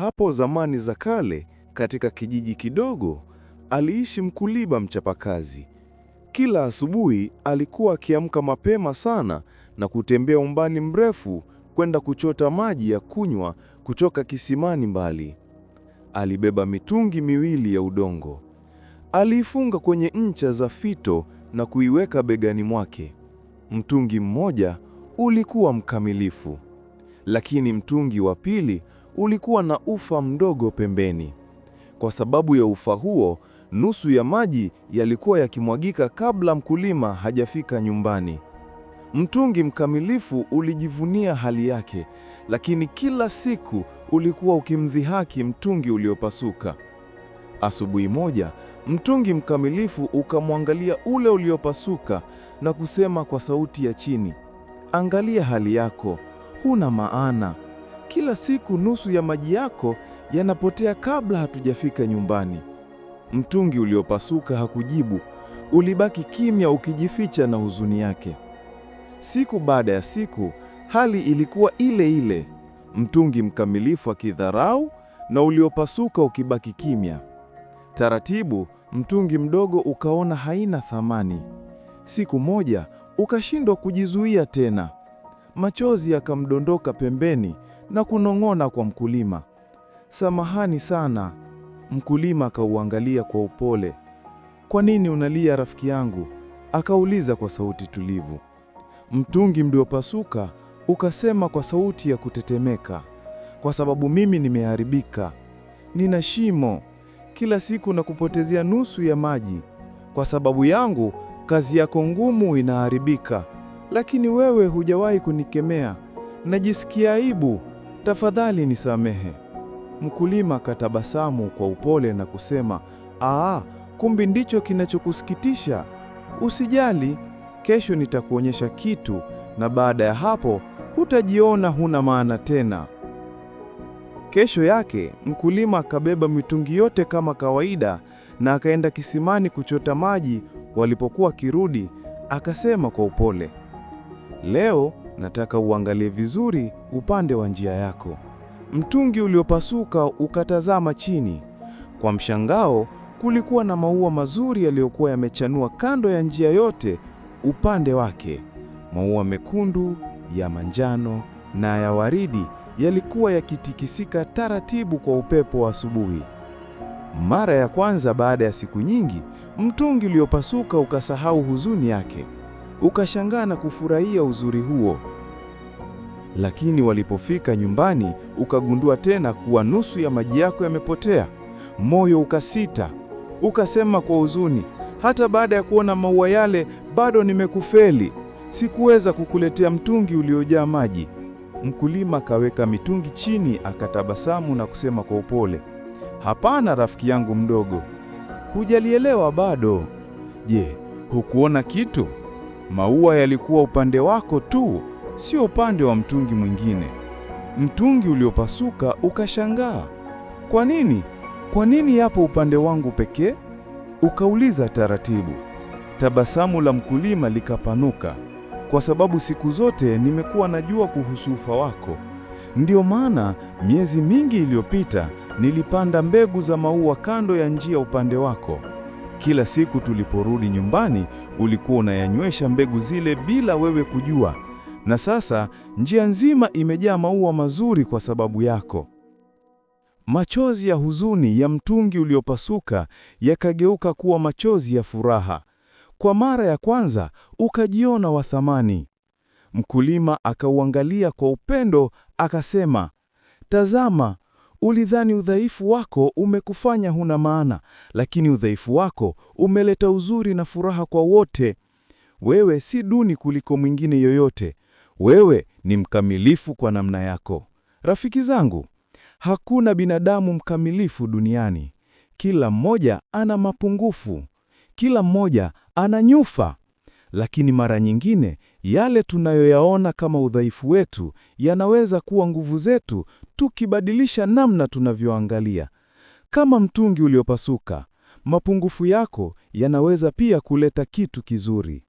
Hapo zamani za kale, katika kijiji kidogo, aliishi mkuliba mchapakazi. Kila asubuhi alikuwa akiamka mapema sana na kutembea umbali mrefu kwenda kuchota maji ya kunywa kutoka kisimani mbali. Alibeba mitungi miwili ya udongo. Aliifunga kwenye ncha za fito na kuiweka begani mwake. Mtungi mmoja ulikuwa mkamilifu, lakini mtungi wa pili ulikuwa na ufa mdogo pembeni. Kwa sababu ya ufa huo, nusu ya maji yalikuwa yakimwagika kabla mkulima hajafika nyumbani. Mtungi mkamilifu ulijivunia hali yake, lakini kila siku ulikuwa ukimdhihaki mtungi uliopasuka. Asubuhi moja, mtungi mkamilifu ukamwangalia ule uliopasuka na kusema kwa sauti ya chini, "Angalia hali yako, huna maana, kila siku nusu ya maji yako yanapotea kabla hatujafika nyumbani. Mtungi uliopasuka hakujibu, ulibaki kimya ukijificha na huzuni yake. Siku baada ya siku, hali ilikuwa ile ile, mtungi mkamilifu akidharau na uliopasuka ukibaki kimya. Taratibu mtungi mdogo ukaona haina thamani. Siku moja ukashindwa kujizuia tena, machozi yakamdondoka pembeni na kunong'ona kwa mkulima, samahani sana. Mkulima akauangalia kwa upole. Kwa nini unalia rafiki yangu? akauliza kwa sauti tulivu. Mtungi mliopasuka ukasema kwa sauti ya kutetemeka, kwa sababu mimi nimeharibika, nina shimo kila siku na kupotezea nusu ya maji. Kwa sababu yangu kazi yako ngumu inaharibika, lakini wewe hujawahi kunikemea. Najisikia aibu tafadhali nisamehe. Mkulima akatabasamu kwa upole na kusema, aa, kumbi ndicho kinachokusikitisha. Usijali, kesho nitakuonyesha kitu, na baada ya hapo hutajiona huna maana tena. Kesho yake mkulima akabeba mitungi yote kama kawaida na akaenda kisimani kuchota maji. Walipokuwa akirudi, akasema kwa upole, leo nataka uangalie vizuri upande wa njia yako. Mtungi uliopasuka ukatazama chini. Kwa mshangao, kulikuwa na maua mazuri yaliyokuwa yamechanua kando ya njia yote upande wake. Maua mekundu, ya manjano na ya waridi yalikuwa yakitikisika taratibu kwa upepo wa asubuhi. Mara ya kwanza baada ya siku nyingi, mtungi uliopasuka ukasahau huzuni yake ukashangaa na kufurahia uzuri huo. Lakini walipofika nyumbani, ukagundua tena kuwa nusu ya maji yako yamepotea. Moyo ukasita, ukasema kwa huzuni, hata baada ya kuona maua yale, bado nimekufeli. Sikuweza kukuletea mtungi uliojaa maji. Mkulima akaweka mitungi chini, akatabasamu na kusema kwa upole, hapana rafiki yangu mdogo, hujalielewa bado. Je, hukuona kitu? Maua yalikuwa upande wako tu, sio upande wa mtungi mwingine. Mtungi uliopasuka ukashangaa, kwa nini? Kwa nini yapo upande wangu pekee? Ukauliza taratibu. Tabasamu la mkulima likapanuka, kwa sababu siku zote nimekuwa najua kuhusu ufa wako. ndio maana miezi mingi iliyopita nilipanda mbegu za maua kando ya njia upande wako. Kila siku tuliporudi nyumbani, ulikuwa unayanywesha mbegu zile bila wewe kujua, na sasa njia nzima imejaa maua mazuri kwa sababu yako. Machozi ya huzuni ya mtungi uliopasuka yakageuka kuwa machozi ya furaha. Kwa mara ya kwanza ukajiona wa thamani. Mkulima akauangalia kwa upendo, akasema, tazama Ulidhani udhaifu wako umekufanya huna maana, lakini udhaifu wako umeleta uzuri na furaha kwa wote. Wewe si duni kuliko mwingine yoyote. Wewe ni mkamilifu kwa namna yako. Rafiki zangu, hakuna binadamu mkamilifu duniani. Kila mmoja ana mapungufu, kila mmoja ana nyufa, lakini mara nyingine yale tunayoyaona kama udhaifu wetu yanaweza kuwa nguvu zetu tukibadilisha namna tunavyoangalia. Kama mtungi uliopasuka, mapungufu yako yanaweza pia kuleta kitu kizuri.